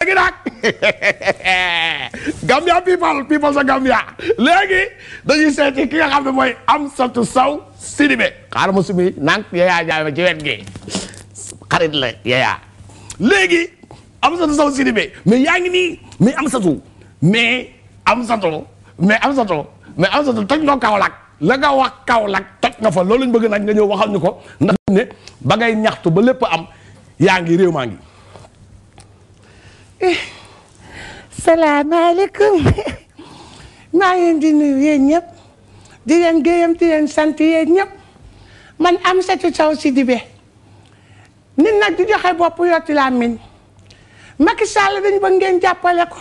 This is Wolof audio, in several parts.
léegi nag Gambia people people sa Gambia da dañuy seeti ki nga xam ne mooy am Sow saw xaaral ma sumi nank Yaya Jammeh ci wet gi xarit la Yaya am Amsatou Sow Sidibé mais yaa ngi nii mais Amsatou mais Amsatou mais Amsatou mais Amsatou toj noo Kaolack la nga wax Kaolack toj nga fa loolu ñu bëgg nag nga ñëw waxal ñu ko ndax ne ba ngay ñaxtu ba lépp am yaa ngi réew maa ngi salaamaaleykum maa ngi leen di nuyu yéen ñëpp di leen gërëm di leen sant yéen ñëpp man Amsatou Sow Sidibé nit nag di joxe bopp yotti làmmiñ Macky Sall dañ bëgg ngeen jàppale ko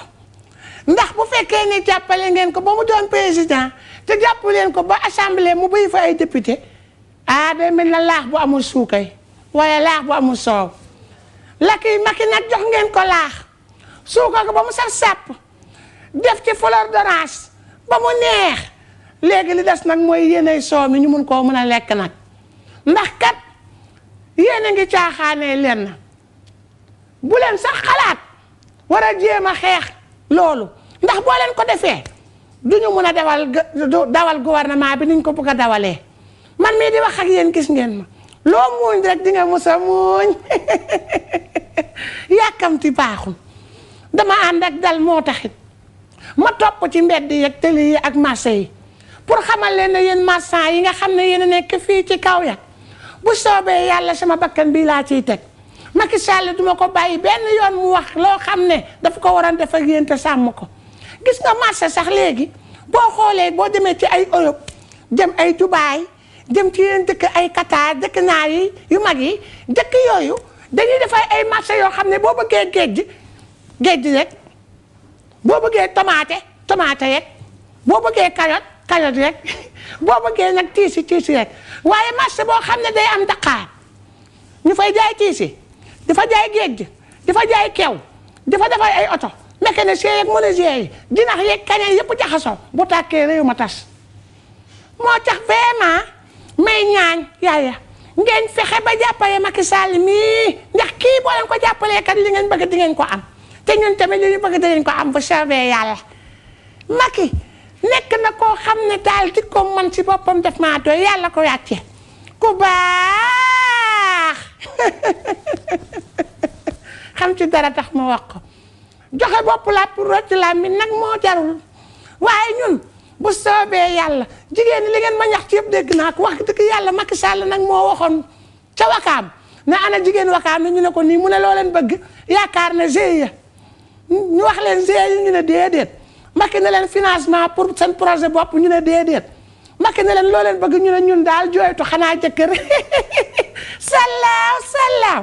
ndax bu fekkee ne jàppale ngeen ko ba mu doon président te jàpp leen ko ba assemblée mu bëri fa ay député ah day mel na laax bu amul suukay waaye laax bu amul soow lakk yi Macky nag jox ngeen ko laax suukar ko ba mu saf sàpp def ci fleur d'orange ba mu neex léegi li des nag mooy yéenay soow mi ñu mun koo mën a lekk nag ndax kat yéen a ngi caaxaanee lenn bu leen sax xalaat war a jéem a xeex loolu ndax boo leen ko defee du ñu mun a dawal dawal gouvernement bi niñ ko bëgg a dawalee man mii di wax ak yéen gis ngeen ma loo muuñ rek di nga mos a muuñ yàkkamti baaxul dama ànd ak dal moo taxit ma topp ci mbedd yi ak tëli yi yi pour xamal leen ne yéen marchand yi nga xam ne yéen a nekk fii ci kaw ya bu soobee yàlla sama bakkan bii laa ciy teg Macky sàll duma ko bàyyi benn yoon mu wax loo xam ne dafa ko waroon def ak yéen te sàmm ko gis nga marché sax léegi boo xoolee boo demee ci ay Europe dem ay Dubaay dem ci yeneen dëkk ay Qatar dëkk naa yi yu mag yi dëkk yooyu dañuy defar ay marché yoo xam ne boo bëggee géej gi géej gi rek boo bëggee tomate tomate rek boo bëggee carotte carotte rek boo bëggee nag tiisi tiisi rek waaye marché boo xam ne day am daqaar ñu fay jaay tiisi di fa jaay géej gi di fa jaay keew di fa defar ay oto mécanicien yeeg menuisier yi jinax yeeg kaña yëpp jaxasoo bu tàkkee réew ma tas moo tax vraiment may ñaan yaaya ngeen fexe ba jàppale Macky Sall mii ndax kii boo leen ko jàppalee kat li ngeen bëgg di ngeen ko am te ñun tamit li ñu bëgg dinañ ko am bu soobee yàlla Macky nekk na koo xam ne daal di ko man si boppam def maa doy yàlla ko yàcce ku baax xam ci dara tax ma wax ko joxe bopp la pour rocc nag moo jarul waaye ñun bu soobee yàlla jigéen li ngeen ma ñax ci yëpp dégg naa ko wax dëgg yàlla Macky sàll nag moo waxoon ca wakaam na ana jigéen wakaam na ñu ne ko nii mu ne loo leen bëgg yaakaar na GIE ñu wax leen GIE ñu ne déedéet Macky ne leen financement pour seen projet bopp ñu ne déedéet Macky ne leen loo leen bëgg ñu ne ñun daal jooytu xanaa jëkkër sellaaw sellaaw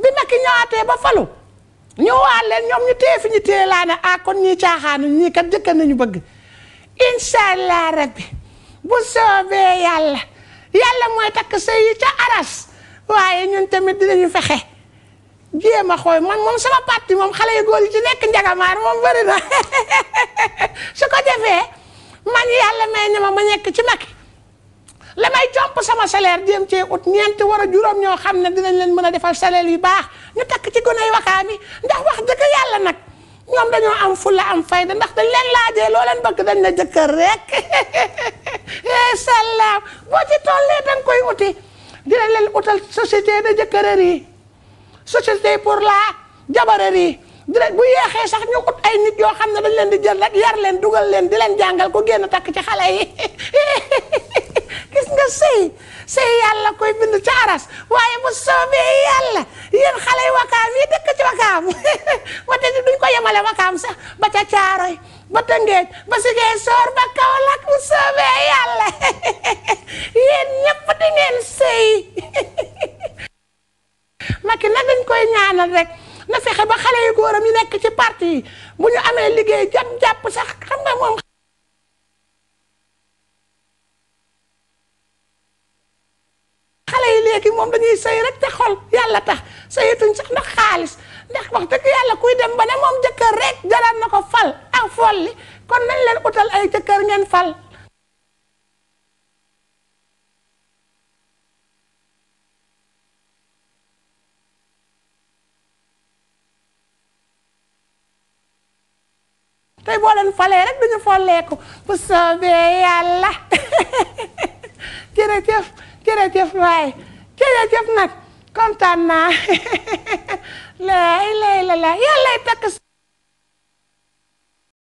bi Macky ñëwaatee ba falu ñu waat leen ñoom ñu téye fi ñu téye laa ne ah kon ñii caaxaanu ñii kat jëkkër nañu bëgg incha allah rabbi bu soobee yàlla yàlla mooy takk sëy yi ca aras waaye ñun tamit dinañu fexe jéem a xooy man moom sama parti moom xale yu góor yi ci nekk njagamaar moom bëri na su ko defee man yàlla may ne ma ma nekk ci Macky la may jomp sama salaire jéem cee ut ñeent war a juróom ñoo xam ne dinañ leen mën a defal salaire yu baax ñu takk ci gunóor yi Wakaam yi ndax wax dëgg yàlla nag ñoom dañoo am fulla am fayda ndax dañ leen laajee loo leen bëgg dañ na jëkkër rek eh, salaam boo ci tollee danga koy uti dinañ leen utal société de jëkkëreer yi. société pour la jabarerie dinañ bu yeexee sax ñu ut ay nit yoo xam ne dañ leen di jël rek yar leen dugal leen di leen jàngal ku génn takk ci xale yi gis nga sëy sëy yàlla koy bind ci aras waaye bu soobee yàlla yéen xale yi wakaam yi dëkk ci wakaam wate di duñ ko yemale wakaam sax ba ca caaroy ba tëngeej ba sigee soor ba Kaolack bu soobee yàlla yéen ñëpp di ngeen sëy Macky nag dañ koy ñaanal rek na fexe ba xale yu góoram yi nekk ci parti yi bu ñu amee liggéey jàpp jàpp sax xam nga moom. xale yi léegi moom dañuy sëy rek te xol yàlla tax sëyatuñ sax ndax xaalis ndax wax dëgg yàlla kuy dem ba ne moom jëkkër rek jaral na ko fal ak folli kon nañ leen utal ay jëkkër ngeen fal. tey boo leen falee rek duñu folleeku bu soobee yàlla jërëjëf jërëjëf waay jërëjëf nag kontaan naa lay lay la lay yàllay takk